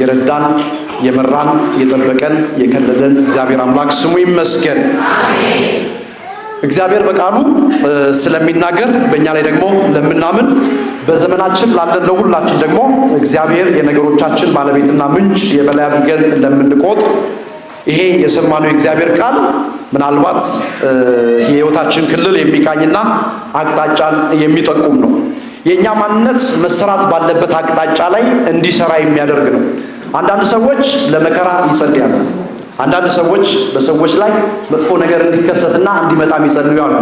የረዳን የመራን የጠበቀን የከለለን እግዚአብሔር አምላክ ስሙ ይመስገን። እግዚአብሔር በቃሉ ስለሚናገር በእኛ ላይ ደግሞ ለምናምን በዘመናችን ላለን ለሁላችን ደግሞ እግዚአብሔር የነገሮቻችን ባለቤትና ምንጭ የበላይ አድርገን ለምንቆጥ ይሄ የሰማነው የእግዚአብሔር ቃል ምናልባት የሕይወታችን ክልል የሚቃኝና አቅጣጫን የሚጠቁም ነው። የእኛ ማንነት መሰራት ባለበት አቅጣጫ ላይ እንዲሰራ የሚያደርግ ነው። አንዳንድ ሰዎች ለመከራ ይጸልያሉ። አንዳንድ ሰዎች በሰዎች ላይ መጥፎ ነገር እንዲከሰትና እንዲመጣም ይጸልያሉ።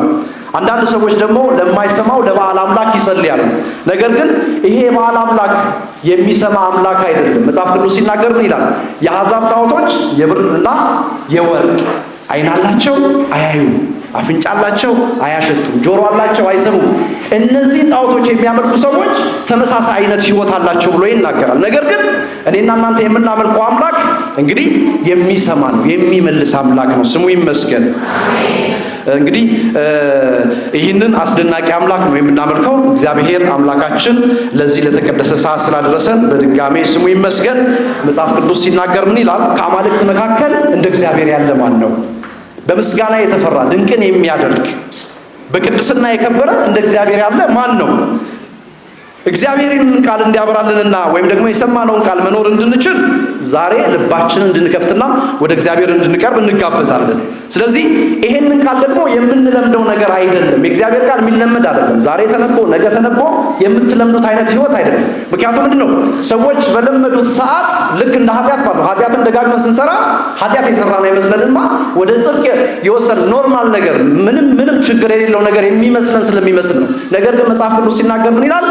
አንዳንድ ሰዎች ደግሞ ለማይሰማው ለበዓል አምላክ ይጸልያሉ። ነገር ግን ይሄ የበዓል አምላክ የሚሰማ አምላክ አይደለም። መጽሐፍ ቅዱስ ሲናገር ይላል የአሕዛብ ጣዖቶች የብርና የወርቅ አይን አላቸው አያዩም፣ አፍንጫ አላቸው አያሸቱም፣ ጆሮ አላቸው አይሰሙም። እነዚህ ጣዖቶች የሚያመልኩ ሰዎች ተመሳሳይ አይነት ህይወት አላቸው ብሎ ይናገራል። ነገር ግን እኔና እናንተ የምናመልከው አምላክ እንግዲህ የሚሰማ ነው፣ የሚመልስ አምላክ ነው። ስሙ ይመስገን። እንግዲህ ይህንን አስደናቂ አምላክ ነው የምናመልከው። እግዚአብሔር አምላካችን ለዚህ ለተቀደሰ ሰዓት ስላደረሰን በድጋሜ ስሙ ይመስገን። መጽሐፍ ቅዱስ ሲናገር ምን ይላል? ከአማልክት መካከል እንደ እግዚአብሔር ያለ ማን ነው? በምስጋና የተፈራ ድንቅን የሚያደርግ በቅድስና የከበረ እንደ እግዚአብሔር ያለ ማን ነው? እግዚአብሔርን ቃል እንዲያበራልንና ወይም ደግሞ የሰማነውን ቃል መኖር እንድንችል ዛሬ ልባችንን እንድንከፍትና ወደ እግዚአብሔር እንድንቀርብ እንጋበዛለን። ስለዚህ ይሄንን ቃል ደግሞ የምንለምደው ነገር አይደለም። የእግዚአብሔር ቃል የሚለመድ አይደለም። ዛሬ ተነቦ ነገ ተነቦ የምትለምዱት አይነት ህይወት አይደለም። ምክንያቱም ምንድን ነው ሰዎች በለመዱት ሰዓት ልክ እንደ ኃጢአት ባሉ ኃጢአትን ደጋግመን ስንሰራ ኃጢአት የሰራን አይመስለንማ ወደ ጽድቅ የወሰን ኖርማል ነገር ምንም ምንም ችግር የሌለው ነገር የሚመስለን ስለሚመስል ነው። ነገር ግን መጽሐፍ ቅዱስ ሲናገር ምን ይላል?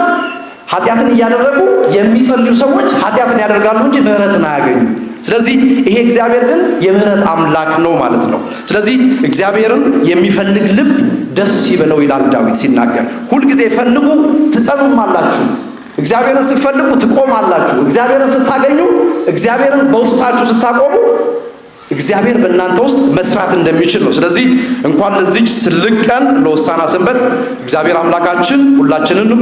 ኃጢአትን እያደረጉ የሚጸልዩ ሰዎች ኃጢአትን ያደርጋሉ እንጂ ምህረትን አያገኙ። ስለዚህ ይሄ እግዚአብሔር ግን የምህረት አምላክ ነው ማለት ነው። ስለዚህ እግዚአብሔርን የሚፈልግ ልብ ደስ ይበለው ይላል ዳዊት ሲናገር፣ ሁልጊዜ ፈልጉ ትጸኑም አላችሁ። እግዚአብሔርን ስትፈልጉ ትቆማላችሁ። እግዚአብሔርን ስታገኙ፣ እግዚአብሔርን በውስጣችሁ ስታቆሙ እግዚአብሔር በእናንተ ውስጥ መስራት እንደሚችል ነው። ስለዚህ እንኳን ለዚች ትልቅ ቀን ለሆሳዕና ሰንበት እግዚአብሔር አምላካችን ሁላችንንም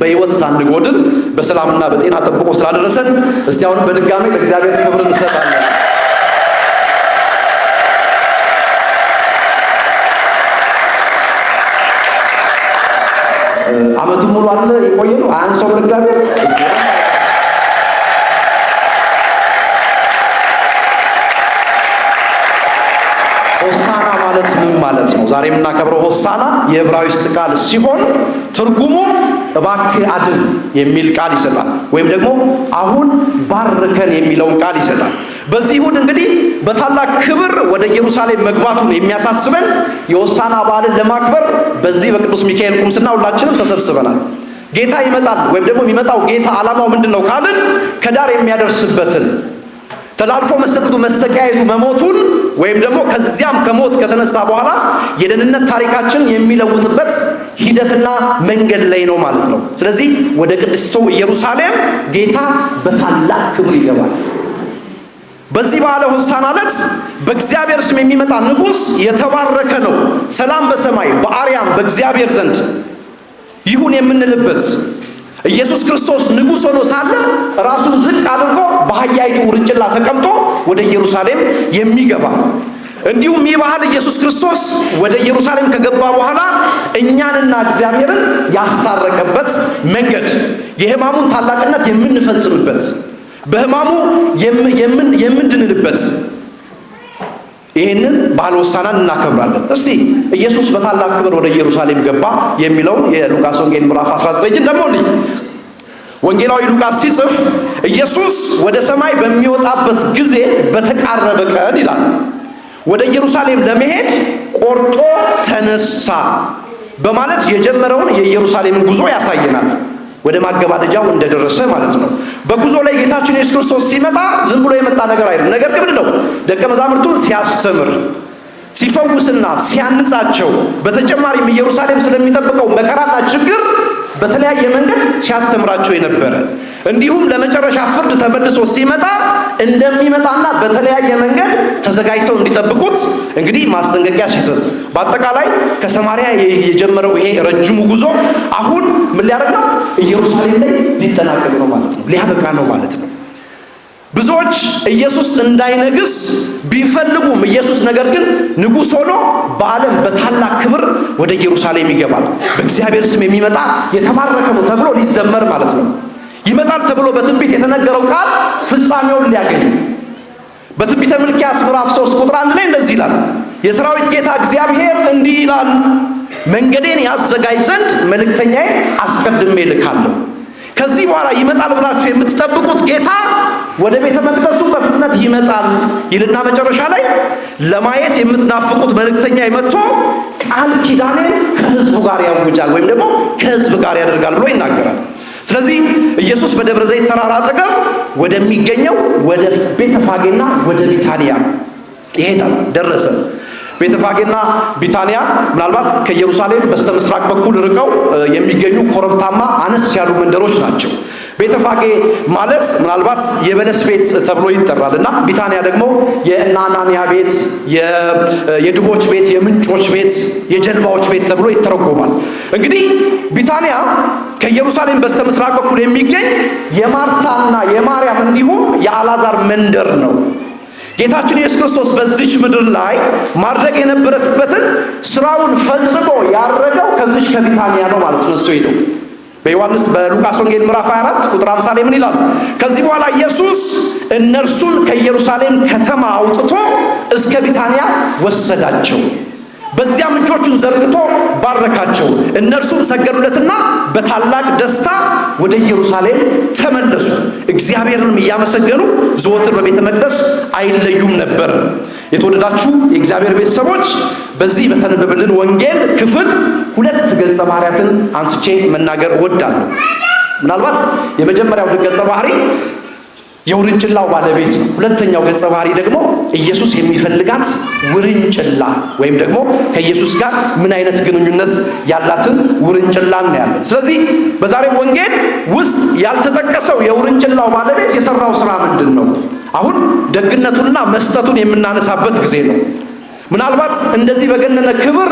በህይወት ሳንጎድል በሰላምና በጤና ጠብቆ ስላደረሰን እስቲያሁንም በድጋሚ ለእግዚአብሔር ክብር እንሰጣለን። አመቱን ሙሉ አለ የቆየ ነው አያንሰውም ለእግዚአብሔር ሆሳና ማለት ምን ማለት ነው? ዛሬ የምናከብረው ሆሳና የዕብራይስጥ ቃል ሲሆን ትርጉሙም? እባክህ አድን የሚል ቃል ይሰጣል። ወይም ደግሞ አሁን ባርከን የሚለውን ቃል ይሰጣል። በዚህ እሁድ እንግዲህ በታላቅ ክብር ወደ ኢየሩሳሌም መግባቱን የሚያሳስበን የሆሳዕና በዓልን ለማክበር በዚህ በቅዱስ ሚካኤል ቁምስና ሁላችንም ተሰብስበናል። ጌታ ይመጣል ወይም ደግሞ የሚመጣው ጌታ ዓላማው ምንድን ነው ካልን ከዳር የሚያደርስበትን ተላልፎ መሰጠቱ፣ መሰቃየቱ፣ መሞቱን ወይም ደግሞ ከዚያም ከሞት ከተነሳ በኋላ የደህንነት ታሪካችን የሚለውጥበት ሂደትና መንገድ ላይ ነው ማለት ነው። ስለዚህ ወደ ቅድስቶ ኢየሩሳሌም ጌታ በታላቅ ክብር ይገባል። በዚህ በዓለ ሆሳዕና ዕለት በእግዚአብሔር ስም የሚመጣ ንጉሥ የተባረከ ነው። ሰላም በሰማይ በአርያም በእግዚአብሔር ዘንድ ይሁን የምንልበት ኢየሱስ ክርስቶስ ንጉሥ ሆኖ ሳለ ራሱን ዝቅ አድርጎ በአህያይቱ ውርንጭላ ተቀምጦ ወደ ኢየሩሳሌም የሚገባ እንዲሁም ይህ ባህል ኢየሱስ ክርስቶስ ወደ ኢየሩሳሌም ከገባ በኋላ እኛንና እግዚአብሔርን ያሳረቀበት መንገድ የሕማሙን ታላቅነት የምንፈጽምበት በሕማሙ የምንድንልበት ይህንን ባህል ወሳናን እናከብራለን። እስቲ ኢየሱስ በታላቅ ክብር ወደ ኢየሩሳሌም ገባ የሚለውን የሉቃስ ወንጌል ምዕራፍ 19 ደግሞ እንዲህ ወንጌላዊ ሉቃስ ሲጽፍ ኢየሱስ ወደ ሰማይ በሚወጣበት ጊዜ በተቃረበ ቀን ይላል ወደ ኢየሩሳሌም ለመሄድ ቆርጦ ተነሳ በማለት የጀመረውን የኢየሩሳሌምን ጉዞ ያሳየናል። ወደ ማገባደጃው እንደደረሰ ማለት ነው። በጉዞ ላይ ጌታችን ኢየሱስ ክርስቶስ ሲመጣ ዝም ብሎ የመጣ ነገር አይደለም። ነገር ግን ነው ደቀ መዛሙርቱን ሲያስተምር ሲፈውስና ሲያንጻቸው በተጨማሪም ኢየሩሳሌም ስለሚጠብቀው መከራና ችግር በተለያየ መንገድ ሲያስተምራቸው የነበረ እንዲሁም ለመጨረሻ ፍርድ ተመልሶ ሲመጣ እንደሚመጣና በተለያየ መንገድ ተዘጋጅተው እንዲጠብቁት እንግዲህ ማስጠንቀቂያ ሲሰጥ፣ በአጠቃላይ ከሰማሪያ የጀመረው ይሄ ረጅሙ ጉዞ አሁን ምን ሊያደርግ ነው? ኢየሩሳሌም ላይ ሊጠናቀቅ ነው ማለት ነው፣ ሊያበቃ ነው ማለት ነው። ብዙዎች ኢየሱስ እንዳይነግስ ቢፈልጉም ኢየሱስ ነገር ግን ንጉሥ ሆኖ በዓለም በታላቅ ክብር ወደ ኢየሩሳሌም ይገባል፣ በእግዚአብሔር ስም የሚመጣ የተባረከ ነው ተብሎ ሊዘመር ማለት ነው። ይመጣል ተብሎ በትንቢት የተነገረው ቃል ፍጻሜውን ሊያገኝ በትንቢተ ሚልክያስ ምዕራፍ 3 ቁጥር 1 ላይ እንደዚህ ይላል፣ የሰራዊት ጌታ እግዚአብሔር እንዲህ ይላል፣ መንገዴን ያዘጋጅ ዘንድ መልእክተኛዬ አስቀድሜ ልካለሁ። ከዚህ በኋላ ይመጣል ብላችሁ የምትጠብቁት ጌታ ወደ ቤተ መቅደሱ በፍጥነት ይመጣል ይልና መጨረሻ ላይ ለማየት የምትናፍቁት መልእክተኛ መጥቶ ቃል ኪዳኔን ከህዝቡ ጋር ያውጃል ወይም ደግሞ ከህዝብ ጋር ያደርጋል ብሎ ይናገራል። ስለዚህ ኢየሱስ በደብረ ዘይት ተራራ አጠገብ ወደሚገኘው ወደ ቤተፋጌና ወደ ቢታንያ ይሄዳል። ደረሰ። ቤተፋጌና ቢታንያ ምናልባት ከኢየሩሳሌም በስተ ምስራቅ በኩል ርቀው የሚገኙ ኮረብታማ አነስ ያሉ መንደሮች ናቸው። ቤተፋጌ ማለት ምናልባት የበለስ ቤት ተብሎ ይጠራል እና ቢታንያ ደግሞ የእናናንያ ቤት፣ የድቦች ቤት፣ የምንጮች ቤት፣ የጀልባዎች ቤት ተብሎ ይተረጎማል። እንግዲህ ቢታንያ ከኢየሩሳሌም በስተ ምስራቅ በኩል የሚገኝ የማርታና የማርያም እንዲሁም የአላዛር መንደር ነው። ጌታችን ኢየሱስ ክርስቶስ በዚች ምድር ላይ ማድረግ የነበረበትን ስራውን ፈጽሞ ያረገው ከዚች ከቢታንያ ነው ማለት ነው። እሱ ሄደው በዮሐንስ በሉቃስ ወንጌል ምዕራፍ 24 ቁጥር 50 ላይ ምን ይላል? ከዚህ በኋላ ኢየሱስ እነርሱን ከኢየሩሳሌም ከተማ አውጥቶ እስከ ቢታንያ ወሰዳቸው። በዚያም እጆቹን ዘርግቶ ባረካቸው። እነርሱም ሰገዱለትና በታላቅ ደስታ ወደ ኢየሩሳሌም ተመለሱ። እግዚአብሔርንም እያመሰገኑ ዘወትር በቤተ መቅደስ አይለዩም ነበር። የተወደዳችሁ የእግዚአብሔር ቤተሰቦች በዚህ በተነበበልን ወንጌል ክፍል ሁለት ገጸ ባህሪያትን አንስቼ መናገር እወዳለሁ። ምናልባት የመጀመሪያው ገጸ ባህሪ የውርንጭላው ባለቤት ነው። ሁለተኛው ገጸ ባህሪ ደግሞ ኢየሱስ የሚፈልጋት ውርንጭላ ወይም ደግሞ ከኢየሱስ ጋር ምን አይነት ግንኙነት ያላትን ውርንጭላ ነው ያለን። ስለዚህ በዛሬው ወንጌል ውስጥ ያልተጠቀሰው የውርንጭላው ባለቤት የሰራው ስራ ምንድን ነው? አሁን ደግነቱንና መስጠቱን የምናነሳበት ጊዜ ነው። ምናልባት እንደዚህ በገነነ ክብር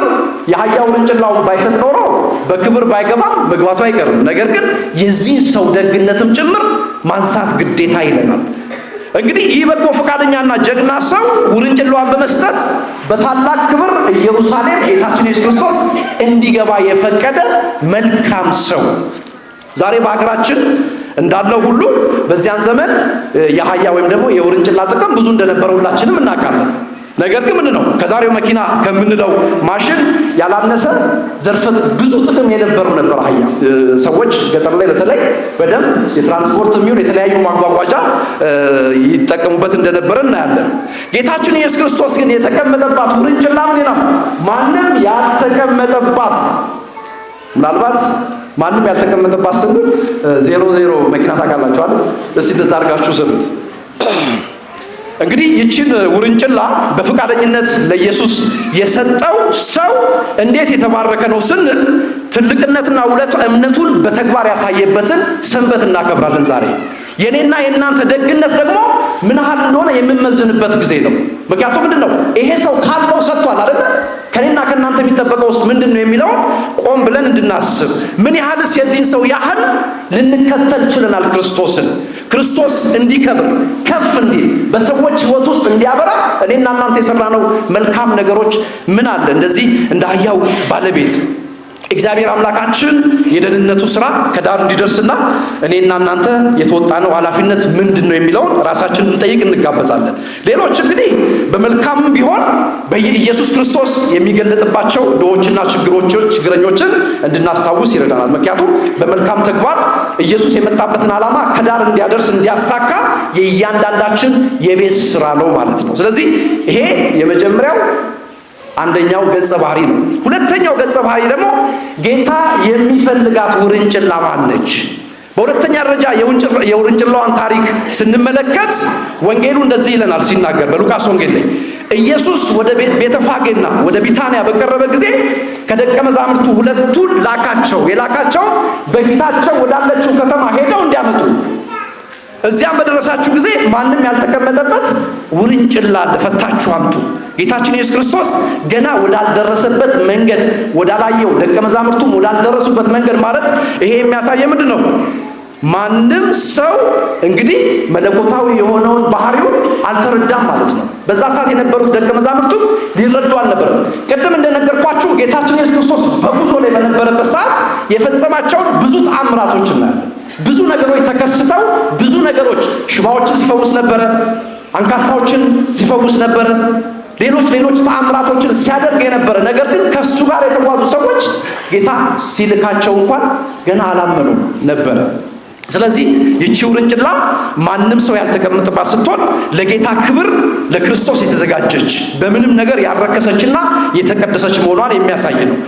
የአህያ ውርንጭላው ባይሰጥ ኖሮ በክብር ባይገባም መግባቱ አይቀርም። ነገር ግን የዚህ ሰው ደግነትም ጭምር ማንሳት ግዴታ ይለናል። እንግዲህ ይህ በጎ ፈቃደኛና ጀግና ሰው ውርንጭላዋን በመስጠት በታላቅ ክብር ኢየሩሳሌም ጌታችን ኢየሱስ ክርስቶስ እንዲገባ የፈቀደ መልካም ሰው ዛሬ በሀገራችን እንዳለው ሁሉ በዚያን ዘመን የአህያ ወይም ደግሞ የውርንጭላ ጥቅም ብዙ እንደነበረ ሁላችንም እናውቃለን። ነገር ግን ምንድን ነው ከዛሬው መኪና ከምንለው ማሽን ያላነሰ ዘርፈ ብዙ ጥቅም የነበረው ነበር አህያ። ሰዎች ገጠር ላይ በተለይ በደንብ የትራንስፖርት የሚሆን የተለያዩ ማጓጓዣ ይጠቀሙበት እንደነበረ እናያለን። ጌታችን ኢየሱስ ክርስቶስ ግን የተቀመጠባት ውርንጭላ ነው? ማንም ያልተቀመጠባት ምናልባት ማንም ያልተቀመጠባት ስንል ዜሮ ዜሮ መኪና ታውቃላችኋል። እስቲ እንደዛ አድርጋችሁ ስሉት። እንግዲህ ይችን ውርንጭላ በፈቃደኝነት ለኢየሱስ የሰጠው ሰው እንዴት የተባረከ ነው ስንል ትልቅነትና ውለቱ እምነቱን በተግባር ያሳየበትን ሰንበት እናከብራለን ዛሬ። የኔና የእናንተ ደግነት ደግሞ ምን ያህል እንደሆነ የምንመዝንበት ጊዜ ነው። ምክንያቱም ምንድን ነው ይሄ ሰው ካለው ሰጥቷል አይደለ? ከኔና ከእናንተ የሚጠበቀው ውስጥ ምንድን ነው የሚለውን ቆም ብለን እንድናስብ፣ ምን ያህልስ የዚህን ሰው ያህል ልንከተል ችለናል ክርስቶስን ክርስቶስ እንዲከብር ከፍ እንዲል በሰዎች ሕይወት ውስጥ እንዲያበራ እኔና እናንተ የሰራነው መልካም ነገሮች ምን አለ እንደዚህ እንደ አህያው ባለቤት እግዚአብሔር አምላካችን የደህንነቱ ስራ ከዳር እንዲደርስና እኔና እናንተ የተወጣነው ኃላፊነት ምንድን ነው የሚለውን ራሳችን እንጠይቅ እንጋበዛለን። ሌሎች እንግዲህ በመልካም ቢሆን በኢየሱስ ክርስቶስ የሚገለጥባቸው ድሆችና ችግሮች ችግረኞችን እንድናስታውስ ይረዳናል። ምክንያቱም በመልካም ተግባር ኢየሱስ የመጣበትን ዓላማ ከዳር እንዲያደርስ እንዲያሳካ የእያንዳንዳችን የቤት ስራ ነው ማለት ነው። ስለዚህ ይሄ የመጀመሪያው አንደኛው ገጸ ባህሪ ነው። ሁለተኛው ገጸ ባህሪ ደግሞ ጌታ የሚፈልጋት ውርንጭላ ማነች? በሁለተኛ ደረጃ የውርንጭላዋን ታሪክ ስንመለከት ወንጌሉ እንደዚህ ይለናል ሲናገር በሉቃስ ወንጌል ላይ ኢየሱስ ወደ ቤተፋጌና ወደ ቢታንያ በቀረበ ጊዜ ከደቀ መዛሙርቱ ሁለቱን ላካቸው። የላካቸው በፊታቸው ወዳለችው ከተማ ሄደው እንዲያመጡ እዚያም በደረሳችሁ ጊዜ ማንም ያልተቀመጠበት ውርንጭላ ፈታችሁ አምጡ። ጌታችን ኢየሱስ ክርስቶስ ገና ወዳልደረሰበት መንገድ ወዳላየው፣ ደቀ መዛሙርቱም ወዳልደረሱበት መንገድ ማለት ይሄ የሚያሳየ ምንድን ነው? ማንም ሰው እንግዲህ መለኮታዊ የሆነውን ባህሪውን አልተረዳም ማለት ነው። በዛ ሰዓት የነበሩት ደቀ መዛሙርቱ ሊረዱ አልነበረም። ቅድም እንደነገርኳችሁ ጌታችን ኢየሱስ ክርስቶስ በጉዞ ላይ በነበረበት ሰዓት የፈጸማቸውን ብዙ ተአምራቶች እናያለን። ብዙ ነገሮች ተከስተው ብዙ ነገሮች ሽባዎችን ሲፈውስ ነበረ። አንካሳዎችን ሲፈውስ ነበረ። ሌሎች ሌሎች ተአምራቶችን ሲያደርግ የነበረ ነገር ግን ከሱ ጋር የተጓዙ ሰዎች ጌታ ሲልካቸው እንኳን ገና አላመኑ ነበረ። ስለዚህ ይቺ ውርንጭላ ማንም ሰው ያልተቀመጠባት ስትሆን ለጌታ ክብር ለክርስቶስ የተዘጋጀች በምንም ነገር ያረከሰችና የተቀደሰች መሆኗን የሚያሳይ ነው።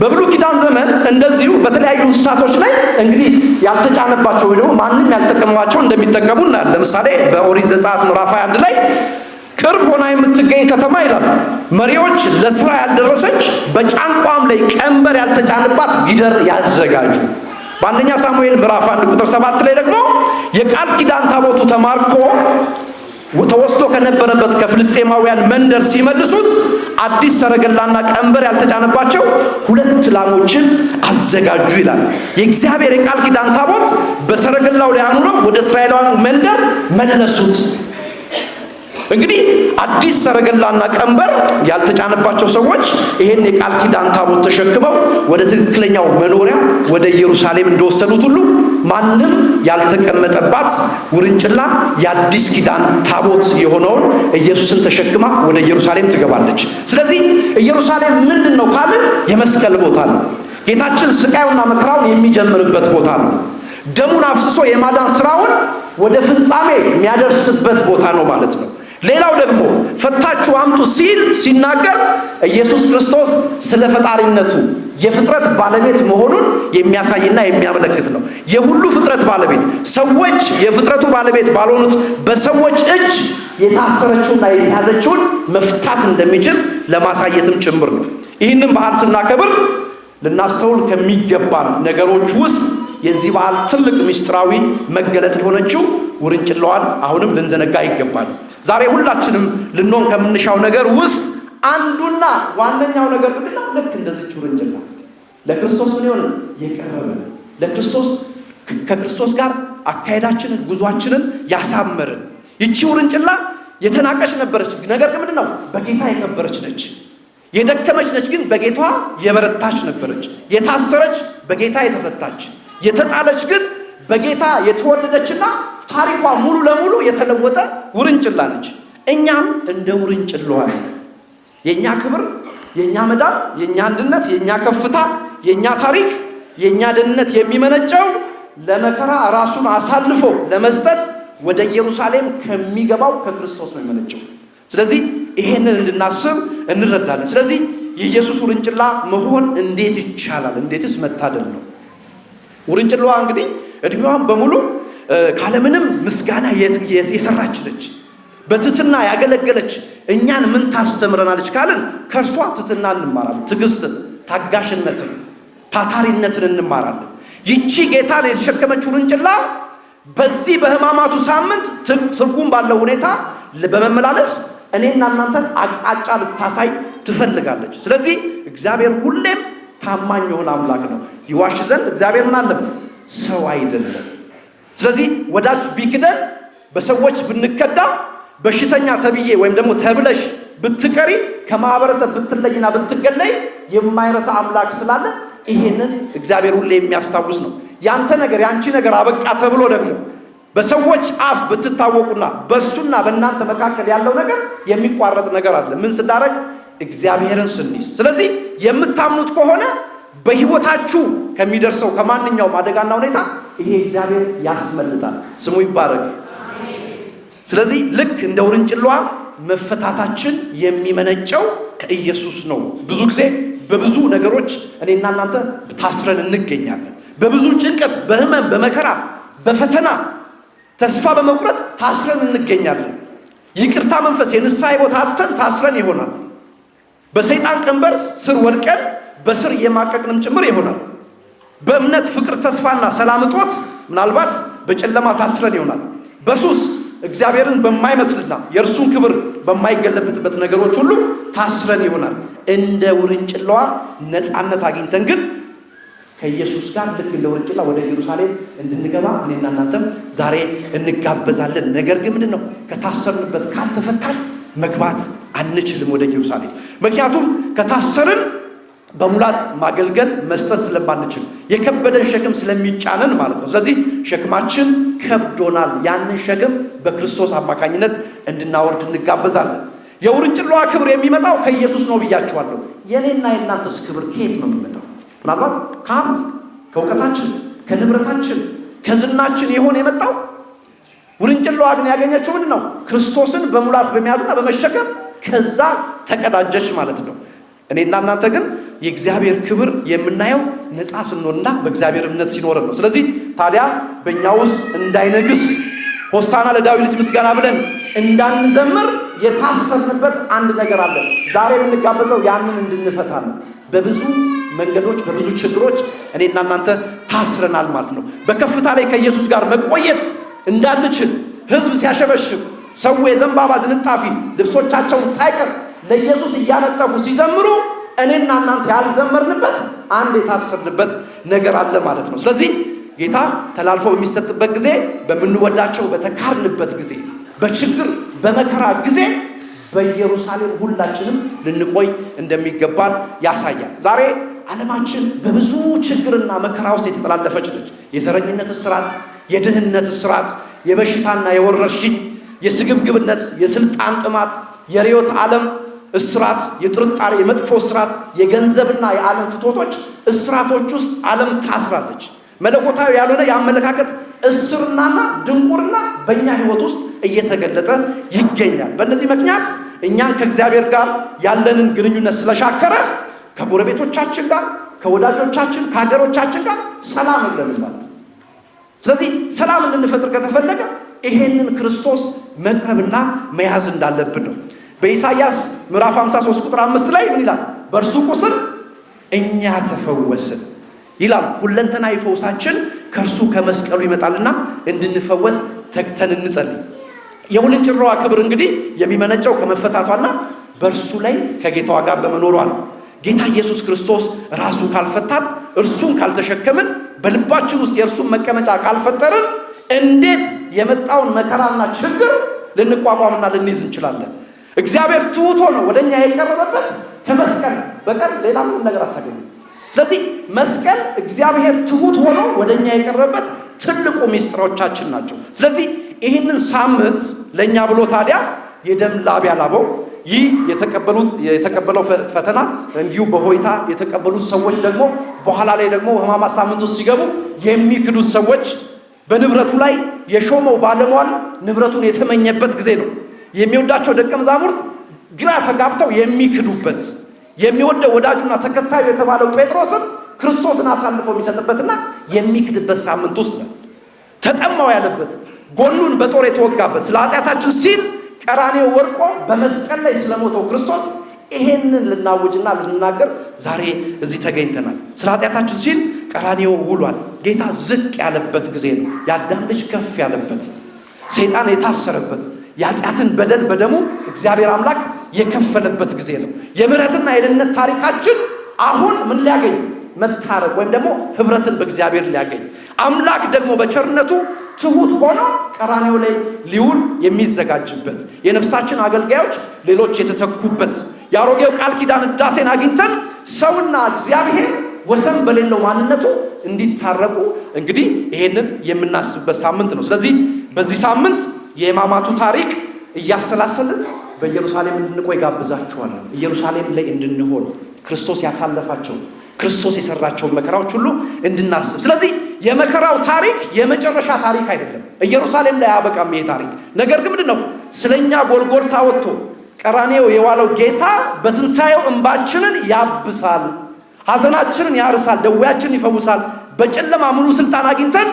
በብሉ ኪዳን ዘመን እንደዚሁ በተለያዩ እንስሳቶች ላይ እንግዲህ ያልተጫነባቸው ወይ ደግሞ ማንም ያልጠቀሟቸው እንደሚጠቀሙ እናያለን። ለምሳሌ በኦሪት ዘጸአት ምዕራፍ 21 ላይ ቅርብ ሆና የምትገኝ ከተማ ይላል። መሪዎች ለስራ ያልደረሰች በጫንቋም ላይ ቀንበር ያልተጫንባት ጊደር ያዘጋጁ። በአንደኛ ሳሙኤል ምዕራፍ አንድ ቁጥር ሰባት ላይ ደግሞ የቃል ኪዳን ታቦቱ ተማርኮ ተወስዶ ከነበረበት ከፍልስጤማውያን መንደር ሲመልሱት አዲስ ሰረገላና ቀንበር ያልተጫነባቸው ሁለት ላሞችን አዘጋጁ ይላል። የእግዚአብሔር የቃል ኪዳን ታቦት በሰረገላው ላይ አኑረው ወደ እስራኤላውያን መንደር መለሱት። እንግዲህ አዲስ ሰረገላና ቀንበር ያልተጫነባቸው ሰዎች ይሄን የቃል ኪዳን ታቦት ተሸክመው ወደ ትክክለኛው መኖሪያ ወደ ኢየሩሳሌም እንደወሰዱት ሁሉ ማንም ያልተቀመጠባት ውርንጭላ የአዲስ ኪዳን ታቦት የሆነውን ኢየሱስን ተሸክማ ወደ ኢየሩሳሌም ትገባለች። ስለዚህ ኢየሩሳሌም ምንድን ነው ካልን የመስቀል ቦታ ነው። ጌታችን ስቃዩና መከራውን የሚጀምርበት ቦታ ነው። ደሙን አፍስሶ የማዳን ስራውን ወደ ፍጻሜ የሚያደርስበት ቦታ ነው ማለት ነው። ሌላው ደግሞ ፈታችሁ አምጡ ሲል ሲናገር ኢየሱስ ክርስቶስ ስለ ፈጣሪነቱ የፍጥረት ባለቤት መሆኑን የሚያሳይና የሚያመለክት ነው። የሁሉ ፍጥረት ባለቤት ሰዎች የፍጥረቱ ባለቤት ባልሆኑት በሰዎች እጅ የታሰረችውና የተያዘችውን መፍታት እንደሚችል ለማሳየትም ጭምር ነው። ይህንን ባህል ስናከብር ልናስተውል ከሚገባን ነገሮች ውስጥ የዚህ በዓል ትልቅ ምስጢራዊ መገለጥ የሆነችው ውርንጭላዋን አሁንም ልንዘነጋ ይገባል። ዛሬ ሁላችንም ልንሆን ከምንሻው ነገር ውስጥ አንዱና ዋነኛው ነገር ምንድን ነው? ልክ እንደዚች ውርንጭላ ለክርስቶስ ምን ይሆን የቀረበ ለክርስቶስ ከክርስቶስ ጋር አካሄዳችንን ጉዟችንን ያሳመርን። ይቺ ውርንጭላ የተናቀች ነበረች፣ ነገር ግን ምንድነው በጌታ የከበረች ነች። የደከመች ነች፣ ግን በጌታ የበረታች ነበረች። የታሰረች በጌታ የተፈታች፣ የተጣለች ግን በጌታ የተወለደችና ታሪኳ ሙሉ ለሙሉ የተለወጠ ውርንጭላ ነች። እኛም እንደ ውርንጭላዋ የእኛ ክብር፣ የእኛ መዳን፣ የእኛ አንድነት፣ የእኛ ከፍታ፣ የእኛ ታሪክ፣ የእኛ ደህንነት የሚመነጨው ለመከራ ራሱን አሳልፎ ለመስጠት ወደ ኢየሩሳሌም ከሚገባው ከክርስቶስ ነው የመነጨው። ስለዚህ ይሄንን እንድናስብ እንረዳለን። ስለዚህ የኢየሱስ ውርንጭላ መሆን እንዴት ይቻላል? እንዴትስ መታደል ነው? ውርንጭላዋ እንግዲህ እድሜዋን በሙሉ ካለምንም ምስጋና የሰራች ነች። በትትና ያገለገለች እኛን ምን ታስተምረናለች ካልን ከእርሷ ትትና እንማራለን። ትዕግስትን፣ ታጋሽነትን፣ ታታሪነትን እንማራለን። ይቺ ጌታን የተሸከመችው ውርንጭላ በዚህ በሕማማቱ ሳምንት ትርጉም ባለው ሁኔታ በመመላለስ እኔና እናንተን አቅጣጫ ልታሳይ ትፈልጋለች። ስለዚህ እግዚአብሔር ሁሌም ታማኝ የሆነ አምላክ ነው። ይዋሽ ዘንድ እግዚአብሔር ምን ሰው አይደለም። ስለዚህ ወዳጅ ቢክደን በሰዎች ብንከዳ በሽተኛ ተብዬ ወይም ደግሞ ተብለሽ ብትቀሪ ከማህበረሰብ ብትለይና ብትገለይ የማይረሳ አምላክ ስላለ ይሄንን እግዚአብሔር ሁሌ የሚያስታውስ ነው። ያንተ ነገር ያንቺ ነገር አበቃ ተብሎ ደግሞ በሰዎች አፍ ብትታወቁና በእሱና በእናንተ መካከል ያለው ነገር የሚቋረጥ ነገር አለ። ምን ስዳረግ እግዚአብሔርን ስንይዝ። ስለዚህ የምታምኑት ከሆነ በህይወታችሁ ከሚደርሰው ከማንኛውም አደጋና ሁኔታ ይሄ እግዚአብሔር ያስመልጣል። ስሙ ይባረግ ስለዚህ ልክ እንደ ውርንጭሏ መፈታታችን የሚመነጨው ከኢየሱስ ነው። ብዙ ጊዜ በብዙ ነገሮች እኔና እናንተ ታስረን እንገኛለን። በብዙ ጭንቀት፣ በህመም፣ በመከራ፣ በፈተና፣ ተስፋ በመቁረጥ ታስረን እንገኛለን። ይቅርታ መንፈስ የንስሐ ቦታ አጥተን ታስረን ይሆናል። በሰይጣን ቀንበር ስር ወድቀን በስር የማቀቅንም ጭምር ይሆናል። በእምነት ፍቅር፣ ተስፋና ሰላም እጦት ምናልባት በጨለማ ታስረን ይሆናል። በሱስ እግዚአብሔርን በማይመስልና የእርሱን ክብር በማይገለበትበት ነገሮች ሁሉ ታስረን ይሆናል። እንደ ውርንጭላዋ ነፃነት አግኝተን ግን ከኢየሱስ ጋር ልክ እንደ ውርንጭላ ወደ ኢየሩሳሌም እንድንገባ እኔና እናንተም ዛሬ እንጋበዛለን። ነገር ግን ምንድን ነው ከታሰርንበት ካልተፈታል መግባት አንችልም ወደ ኢየሩሳሌም። ምክንያቱም ከታሰርን በሙላት ማገልገል መስጠት ስለማንችል የከበደን ሸክም ስለሚጫነን ማለት ነው። ስለዚህ ሸክማችን ከብዶናል። ያንን ሸክም በክርስቶስ አማካኝነት እንድናወርድ እንጋበዛለን። የውርንጭላዋ ክብር የሚመጣው ከኢየሱስ ነው ብያችኋለሁ። የኔና የእናንተስ ክብር ከየት ነው የሚመጣው? ምናልባት ከሀብት፣ ከእውቀታችን፣ ከንብረታችን፣ ከዝናችን የሆን የመጣው ውርንጭላዋ ግን ያገኘችው ምንድን ነው? ክርስቶስን በሙላት በመያዝና በመሸከም ከዛ ተቀዳጀች ማለት ነው። እኔና እናንተ ግን የእግዚአብሔር ክብር የምናየው ነፃ ስንሆንና በእግዚአብሔር እምነት ሲኖረን ነው። ስለዚህ ታዲያ በእኛ ውስጥ እንዳይነግስ ሆሳና ለዳዊት ልጅ ምስጋና ብለን እንዳንዘምር የታሰርንበት አንድ ነገር አለ። ዛሬ የምንጋበዘው ያንን እንድንፈታ ነው። በብዙ መንገዶች በብዙ ችግሮች እኔና እናንተ ታስረናል ማለት ነው። በከፍታ ላይ ከኢየሱስ ጋር መቆየት እንዳንችል ህዝብ ሲያሸበሽብ ሰው የዘንባባ ዝንጣፊ ልብሶቻቸውን ሳይቀር ለኢየሱስ እያነጠፉ ሲዘምሩ እኔና እናንተ ያልዘመርንበት አንድ የታሰርንበት ነገር አለ ማለት ነው። ስለዚህ ጌታ ተላልፎ በሚሰጥበት ጊዜ፣ በምንወዳቸው በተካርንበት ጊዜ፣ በችግር በመከራ ጊዜ በኢየሩሳሌም ሁላችንም ልንቆይ እንደሚገባን ያሳያል። ዛሬ ዓለማችን በብዙ ችግርና መከራ ውስጥ የተጠላለፈች ነች። የዘረኝነት እስራት፣ የድህነት እስራት፣ የበሽታና የወረርሽኝ፣ የስግብግብነት፣ የስልጣን ጥማት፣ የርዕዮተ ዓለም እስራት፣ የጥርጣሬ የመጥፎ እስራት፣ የገንዘብና የዓለም ፍቶቶች እስራቶች ውስጥ ዓለም ታስራለች። መለኮታዊ ያልሆነ የአመለካከት እስርናና ድንቁርና በእኛ ህይወት ውስጥ እየተገለጠ ይገኛል። በእነዚህ ምክንያት እኛን ከእግዚአብሔር ጋር ያለንን ግንኙነት ስለሻከረ ከጎረቤቶቻችን ጋር፣ ከወዳጆቻችን፣ ከሀገሮቻችን ጋር ሰላም የለንም ማለት ነው። ስለዚህ ሰላም እንድንፈጥር ከተፈለገ ይሄንን ክርስቶስ መቅረብና መያዝ እንዳለብን ነው። በኢሳይያስ ምዕራፍ 53 ቁጥር አምስት ላይ ምን ይላል? በእርሱ ቁስል እኛ ተፈወስን ይላል። ሁለንተናዊ ፈውሳችን ከእርሱ ከመስቀሉ ይመጣልና እንድንፈወስ ተግተን እንጸልይ። የውልንጭራዋ ክብር እንግዲህ የሚመነጨው ከመፈታቷና በእርሱ ላይ ከጌታዋ ጋር በመኖሯ ነው። ጌታ ኢየሱስ ክርስቶስ ራሱ ካልፈታን፣ እርሱን ካልተሸከምን፣ በልባችን ውስጥ የእርሱን መቀመጫ ካልፈጠርን እንዴት የመጣውን መከራና ችግር ልንቋቋምና ልንይዝ እንችላለን? እግዚአብሔር ትሑት ሆኖ ወደ እኛ የቀረበበት ከመስቀል በቀር ሌላ ምንም ነገር አታገኙ። ስለዚህ መስቀል እግዚአብሔር ትሑት ሆኖ ወደ እኛ የቀረበበት ትልቁ ሚስጥሮቻችን ናቸው። ስለዚህ ይህንን ሳምንት ለእኛ ብሎ ታዲያ የደም ላብ ያላበው ይህ የተቀበሉት የተቀበለው ፈተና እንዲሁ በሆይታ የተቀበሉት ሰዎች ደግሞ በኋላ ላይ ደግሞ ሕማማት ሳምንቱ ሲገቡ የሚክዱት ሰዎች በንብረቱ ላይ የሾመው ባለሟል ንብረቱን የተመኘበት ጊዜ ነው። የሚወዳቸው ደቀ መዛሙርት ግራ ተጋብተው የሚክዱበት የሚወደው ወዳጁና ተከታዩ የተባለው ጴጥሮስም ክርስቶስን አሳልፎ የሚሰጥበትና የሚክድበት ሳምንት ውስጥ ነው። ተጠማው ያለበት ጎኑን በጦር የተወጋበት ስለ ኃጢአታችን ሲል ቀራኔው ወርቆ በመስቀል ላይ ስለሞተው ክርስቶስ ይሄንን ልናውጅና ልንናገር ዛሬ እዚህ ተገኝተናል። ስለ ኃጢአታችን ሲል ቀራኔው ውሏል። ጌታ ዝቅ ያለበት ጊዜ ነው። የአዳም ልጅ ከፍ ያለበት፣ ሰይጣን የታሰረበት የኃጢአትን በደል በደሙ እግዚአብሔር አምላክ የከፈለበት ጊዜ ነው። የምሕረትና የደህንነት ታሪካችን አሁን ምን ሊያገኝ መታረቅ ወይም ደግሞ ህብረትን በእግዚአብሔር ሊያገኝ አምላክ ደግሞ በቸርነቱ ትሁት ሆኖ ቀራኔው ላይ ሊውል የሚዘጋጅበት የነፍሳችን አገልጋዮች ሌሎች የተተኩበት የአሮጌው ቃል ኪዳን እዳሴን አግኝተን ሰውና እግዚአብሔር ወሰን በሌለው ማንነቱ እንዲታረቁ እንግዲህ ይሄንን የምናስብበት ሳምንት ነው። ስለዚህ በዚህ ሳምንት የሕማማቱ ታሪክ እያሰላሰልን በኢየሩሳሌም እንድንቆይ ጋብዛችኋለሁ። ኢየሩሳሌም ላይ እንድንሆን ክርስቶስ ያሳለፋቸው ክርስቶስ የሰራቸውን መከራዎች ሁሉ እንድናስብ። ስለዚህ የመከራው ታሪክ የመጨረሻ ታሪክ አይደለም። ኢየሩሳሌም ላይ አያበቃም ይሄ ታሪክ። ነገር ግን ምንድን ነው ስለኛ ጎልጎልታ ወጥቶ ቀራኔው የዋለው ጌታ በትንሣኤው እንባችንን ያብሳል፣ ሐዘናችንን ያርሳል፣ ደዌያችንን ይፈውሳል። በጨለማ ሙሉ ስልጣን አግኝተን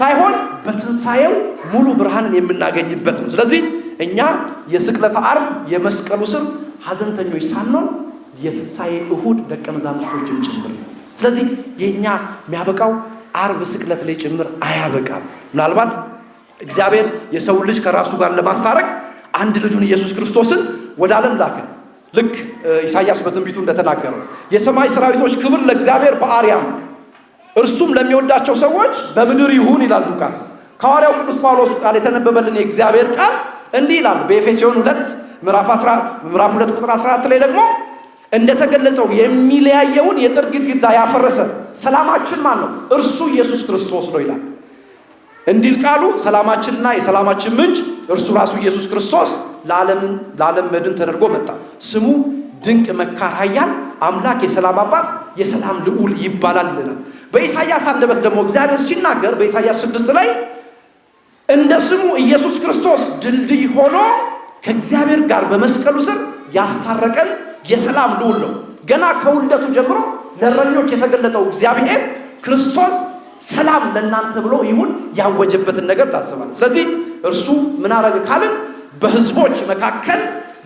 ሳይሆን በትንሣኤው ሙሉ ብርሃንን የምናገኝበት ነው። ስለዚህ እኛ የስቅለተ ዓርብ የመስቀሉ ስር ሐዘንተኞች ሳንሆን የትንሣኤ እሁድ ደቀ መዛሙርቶችም ጭምር። ስለዚህ የእኛ የሚያበቃው ዓርብ ስቅለት ላይ ጭምር አያበቃም። ምናልባት እግዚአብሔር የሰው ልጅ ከራሱ ጋር ለማስታረቅ አንድ ልጁን ኢየሱስ ክርስቶስን ወደ ዓለም ላከ። ልክ ኢሳያስ በትንቢቱ እንደተናገረው የሰማይ ሰራዊቶች ክብር ለእግዚአብሔር በአርያም እርሱም ለሚወዳቸው ሰዎች በምድር ይሁን ይላል ሉቃስ። ከሐዋርያው ቅዱስ ጳውሎስ ቃል የተነበበልን የእግዚአብሔር ቃል እንዲህ ይላል በኤፌሲዮን ሁለት ምዕራፍ ሁለት ቁጥር 14 ላይ ደግሞ እንደተገለጸው የሚለያየውን የጥር ግድግዳ ያፈረሰ ሰላማችን ማን ነው? እርሱ ኢየሱስ ክርስቶስ ነው ይላል። እንዲል ቃሉ ሰላማችንና የሰላማችን ምንጭ እርሱ ራሱ ኢየሱስ ክርስቶስ ለዓለም መድን ተደርጎ መጣ። ስሙ ድንቅ መካር ኃያል አምላክ የሰላም አባት የሰላም ልዑል ይባላል ይለናል። በኢሳያስ አንደበት ደግሞ እግዚአብሔር ሲናገር በኢሳያስ ስድስት ላይ እንደ ስሙ ኢየሱስ ክርስቶስ ድልድይ ሆኖ ከእግዚአብሔር ጋር በመስቀሉ ስር ያስታረቀን የሰላም ልዑል ነው። ገና ከውልደቱ ጀምሮ ለረኞች የተገለጠው እግዚአብሔር ክርስቶስ ሰላም ለእናንተ ብሎ ይሁን ያወጀበትን ነገር ታስባል። ስለዚህ እርሱ ምን አረገ ካልን በህዝቦች መካከል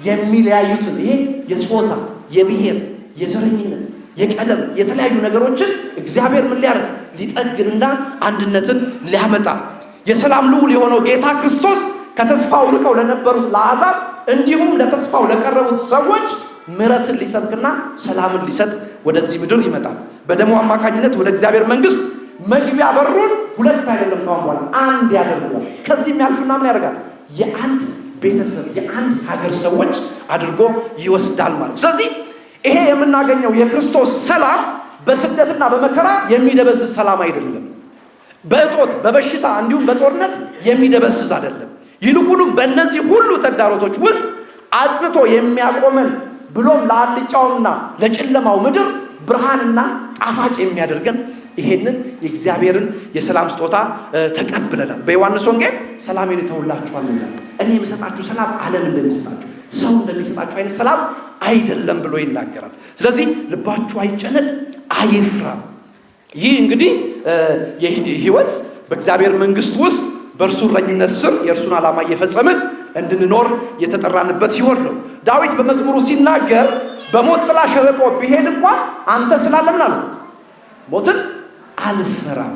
የሚለያዩትን ይሄ የጾታ፣ የብሔር፣ የዘረኝነት የቀለም የተለያዩ ነገሮችን እግዚአብሔር ምን ሊያደርግ ሊጠግንና አንድነትን ሊያመጣ የሰላም ልዑል የሆነው ጌታ ክርስቶስ ከተስፋው ርቀው ለነበሩት ለአሕዛብ እንዲሁም ለተስፋው ለቀረቡት ሰዎች ምሕረትን ሊሰብክና ሰላምን ሊሰጥ ወደዚህ ምድር ይመጣል። በደሞ አማካኝነት ወደ እግዚአብሔር መንግስት መግቢያ በሩን ሁለት አይደለም ከሆን በኋላ አንድ ያደርገዋል። ከዚህ የሚያልፍና ምን ያደርጋል? የአንድ ቤተሰብ የአንድ ሀገር ሰዎች አድርጎ ይወስዳል ማለት ስለዚህ ይሄ የምናገኘው የክርስቶስ ሰላም በስደትና በመከራ የሚደበዝዝ ሰላም አይደለም። በእጦት በበሽታ እንዲሁም በጦርነት የሚደበዝዝ አይደለም። ይልቁንም በእነዚህ ሁሉ ተግዳሮቶች ውስጥ አጽንቶ የሚያቆመን ብሎም ለአልጫውና ለጨለማው ምድር ብርሃንና ጣፋጭ የሚያደርገን ይሄንን የእግዚአብሔርን የሰላም ስጦታ ተቀብለናል። በዮሐንስ ወንጌል ሰላሜን እተውላችኋለሁ፣ እኔ የምሰጣችሁ ሰላም ዓለም እንደሚሰጣችሁ ሰው እንደሚሰጣችሁ አይነት ሰላም አይደለም ብሎ ይናገራል። ስለዚህ ልባችሁ አይጨነቅ፣ አይፍራ። ይህ እንግዲህ ህይወት በእግዚአብሔር መንግስት ውስጥ በእርሱ እረኝነት ስር የእርሱን ዓላማ እየፈጸምን እንድንኖር የተጠራንበት ሲሆን ነው። ዳዊት በመዝሙሩ ሲናገር በሞት ጥላ ሸለቆ ቢሄድ እንኳን አንተ ስላለምን ምን ሞትን አልፈራም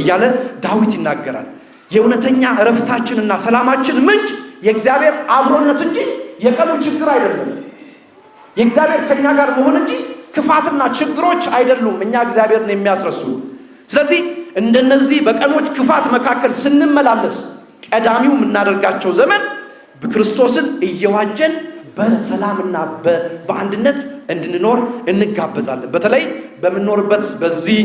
እያለ ዳዊት ይናገራል። የእውነተኛ እረፍታችንና ሰላማችን ምንጭ የእግዚአብሔር አብሮነት እንጂ የቀኑ ችግር አይደለም። የእግዚአብሔር ከኛ ጋር መሆን እንጂ ክፋትና ችግሮች አይደሉም እኛ እግዚአብሔርን የሚያስረሱ። ስለዚህ እንደነዚህ በቀኖች ክፋት መካከል ስንመላለስ ቀዳሚው የምናደርጋቸው ዘመን በክርስቶስን እየዋጀን በሰላምና በአንድነት እንድንኖር እንጋበዛለን። በተለይ በምንኖርበት በዚህ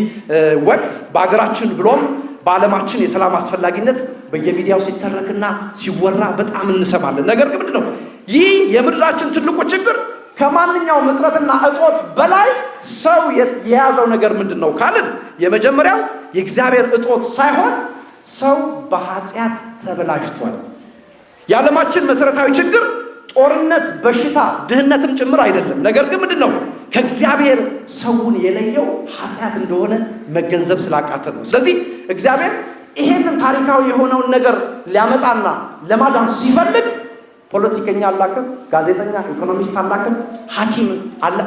ወቅት በሀገራችን ብሎም በዓለማችን የሰላም አስፈላጊነት በየሚዲያው ሲተረክና ሲወራ በጣም እንሰማለን። ነገር ግን ምንድን ነው ይህ የምድራችን ትልቁ ችግር? ከማንኛውም እጥረትና እጦት በላይ ሰው የያዘው ነገር ምንድን ነው ካልን የመጀመሪያው የእግዚአብሔር እጦት ሳይሆን ሰው በኃጢአት ተበላሽቷል። የዓለማችን መሠረታዊ ችግር ጦርነት፣ በሽታ፣ ድህነትም ጭምር አይደለም። ነገር ግን ምንድን ነው ከእግዚአብሔር ሰውን የለየው ኃጢአት እንደሆነ መገንዘብ ስላቃተ ነው። ስለዚህ እግዚአብሔር ይሄንን ታሪካዊ የሆነውን ነገር ሊያመጣና ለማዳን ሲፈልግ ፖለቲከኛ አላክም፣ ጋዜጠኛ ኢኮኖሚስት አላክም፣ ሐኪም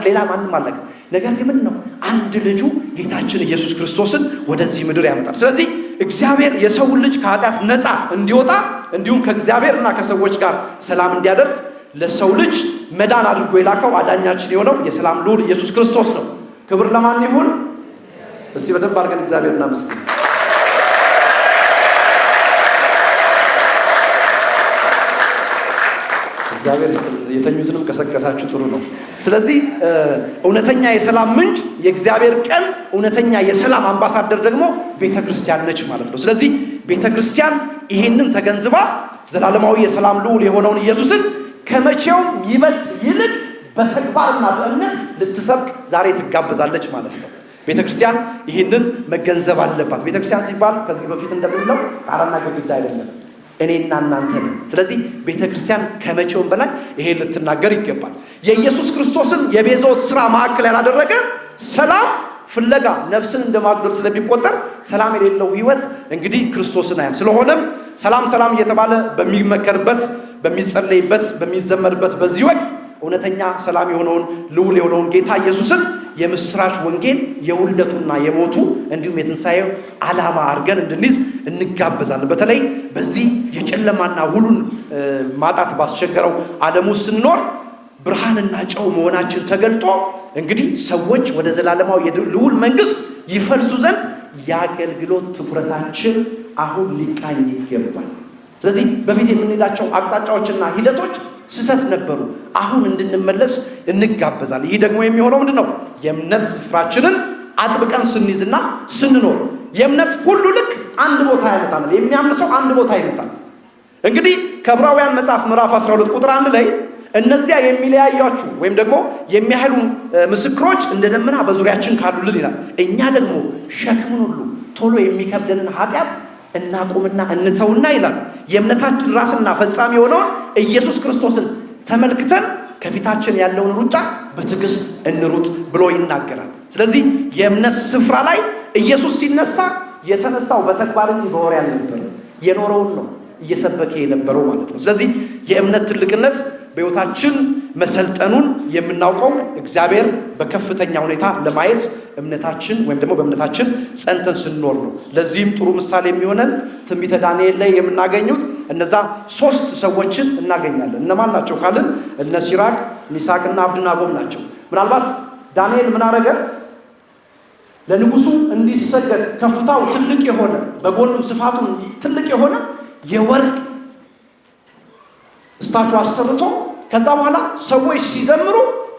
ሌላ ማንም አላክም። ነገር ግን ምን ነው አንድ ልጁ ጌታችን ኢየሱስ ክርስቶስን ወደዚህ ምድር ያመጣል። ስለዚህ እግዚአብሔር የሰውን ልጅ ከኃጢአት ነፃ እንዲወጣ እንዲሁም ከእግዚአብሔርና ከሰዎች ጋር ሰላም እንዲያደርግ ለሰው ልጅ መዳን አድርጎ የላከው አዳኛችን የሆነው የሰላም ልዑል ኢየሱስ ክርስቶስ ነው። ክብር ለማን ይሁን? እስቲ በደንብ አድርገን እግዚአብሔር እናመስግን። እግዚአብሔር የተኙትንም ቀሰቀሳችሁ። ጥሩ ነው። ስለዚህ እውነተኛ የሰላም ምንጭ የእግዚአብሔር ቀን፣ እውነተኛ የሰላም አምባሳደር ደግሞ ቤተ ክርስቲያን ነች ማለት ነው። ስለዚህ ቤተ ክርስቲያን ይህንን ተገንዝባ ዘላለማዊ የሰላም ልዑል የሆነውን ኢየሱስን ከመቼውም ይበልጥ ይልቅ በተግባርና በእምነት ልትሰብክ ዛሬ ትጋበዛለች ማለት ነው። ቤተ ክርስቲያን ይህንን መገንዘብ አለባት። ቤተ ክርስቲያን ሲባል ከዚህ በፊት እንደምንለው ጣራና ግድግዳ አይደለም። እኔና እናንተ ነን። ስለዚህ ቤተ ክርስቲያን ከመቼውም በላይ ይሄ ልትናገር ይገባል። የኢየሱስ ክርስቶስን የቤዛዎት ስራ ማዕከል ያላደረገ ሰላም ፍለጋ ነፍስን እንደማጉደል ስለሚቆጠር ሰላም የሌለው ህይወት እንግዲህ ክርስቶስን አያም። ስለሆነም ሰላም ሰላም እየተባለ በሚመከርበት፣ በሚጸለይበት፣ በሚዘመርበት በዚህ ወቅት እውነተኛ ሰላም የሆነውን ልዑል የሆነውን ጌታ ኢየሱስን የምስራች ወንጌል የውልደቱና የሞቱ እንዲሁም የትንሣኤው ዓላማ አድርገን እንድንይዝ እንጋበዛለን። በተለይ በዚህ የጨለማና ሁሉን ማጣት ባስቸገረው አለሙ ስንኖር ብርሃንና ጨው መሆናችን ተገልጦ እንግዲህ ሰዎች ወደ ዘላለማዊ ልዑል መንግስት ይፈልሱ ዘንድ የአገልግሎት ትኩረታችን አሁን ሊቃኝ ይገባል። ስለዚህ በፊት የምንሄዳቸው አቅጣጫዎችና ሂደቶች ስህተት ነበሩ። አሁን እንድንመለስ እንጋበዛለን። ይህ ደግሞ የሚሆነው ምንድን ነው? የእምነት ስፍራችንን አጥብቀን ስንይዝና ስንኖር የእምነት ሁሉ ልክ አንድ ቦታ ያመጣል። የሚያምሰው አንድ ቦታ ይመጣል። እንግዲህ ከዕብራውያን መጽሐፍ ምዕራፍ 12 ቁጥር አንድ ላይ እነዚያ የሚለያያችሁ ወይም ደግሞ የሚያህሉ ምስክሮች እንደ ደመና በዙሪያችን ካሉልን ይላል። እኛ ደግሞ ሸክምን ሁሉ ቶሎ የሚከብደንን ኃጢአት እናቁምና እንተውና ይላል። የእምነታችን ራስና ፈጻሚ የሆነውን ኢየሱስ ክርስቶስን ተመልክተን ከፊታችን ያለውን ሩጫ በትዕግስት እንሩጥ ብሎ ይናገራል። ስለዚህ የእምነት ስፍራ ላይ ኢየሱስ ሲነሳ የተነሳው በተግባር እንጂ በወሬ አልነበረም። የኖረውን ነው እየሰበከ የነበረው ማለት ነው። ስለዚህ የእምነት ትልቅነት በሕይወታችን መሰልጠኑን የምናውቀው እግዚአብሔር በከፍተኛ ሁኔታ ለማየት እምነታችን ወይም ደግሞ በእምነታችን ጸንተን ስንኖር ነው። ለዚህም ጥሩ ምሳሌ የሚሆነን ትንቢተ ዳንኤል ላይ የምናገኙት እነዛ ሶስት ሰዎችን እናገኛለን። እነማን ናቸው ካልን እነ ሲራቅ፣ ሚሳቅ እና አብድናጎም ናቸው። ምናልባት ዳንኤል ምን አረገ? ለንጉሱ እንዲሰገድ ከፍታው ትልቅ የሆነ በጎንም ስፋቱን ትልቅ የሆነ የወርቅ እስታቹ አሰርቶ ከዛ በኋላ ሰዎች ሲዘምሩ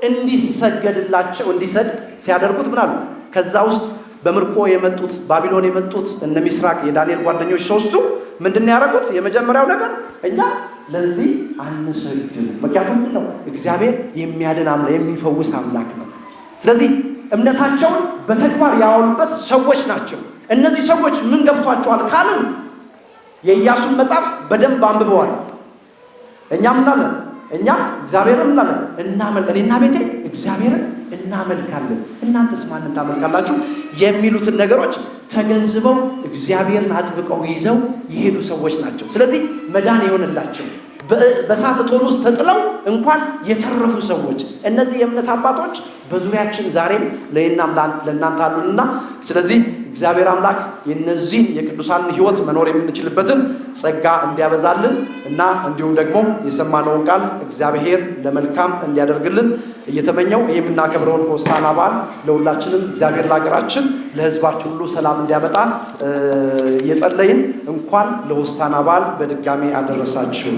እንዲሰገድላቸው እንዲሰድ ሲያደርጉት ምናሉ ከዛ ውስጥ በምርኮ የመጡት ባቢሎን የመጡት እነ ሚስራቅ የዳንኤል ጓደኞች ሶስቱ ምንድን ያደረጉት? የመጀመሪያው ነገር እኛ ለዚህ አንሰግድም። ምክንያቱም ምንድን ነው? እግዚአብሔር የሚያድን አምላክ የሚፈውስ አምላክ ነው። ስለዚህ እምነታቸውን በተግባር ያዋሉበት ሰዎች ናቸው። እነዚህ ሰዎች ምን ገብቷቸዋል ካልን የኢያሱን መጽሐፍ በደንብ አንብበዋል። እኛ ምናለን? እኛ እግዚአብሔርን ምናለን? እናመል እኔና ቤቴ እግዚአብሔርን እናመልካለን፣ እናንተስ ማንን ታመልካላችሁ? የሚሉትን ነገሮች ተገንዝበው እግዚአብሔርን አጥብቀው ይዘው የሄዱ ሰዎች ናቸው። ስለዚህ መዳን የሆነላቸው በእሳት እቶን ውስጥ ተጥለው እንኳን የተረፉ ሰዎች እነዚህ የእምነት አባቶች በዙሪያችን ዛሬም ለእና ለእናንተ አሉንና ስለዚህ እግዚአብሔር አምላክ የነዚህ የቅዱሳን ህይወት መኖር የምንችልበትን ጸጋ እንዲያበዛልን እና እንዲሁም ደግሞ የሰማነውን ቃል እግዚአብሔር ለመልካም እንዲያደርግልን እየተመኘው ይህ የምናከብረውን ሆሳና በዓል ለሁላችንም እግዚአብሔር ለሀገራችን ለህዝባችን ሁሉ ሰላም እንዲያመጣ እየጸለይን እንኳን ለሆሳና በዓል በድጋሚ አደረሳችሁ።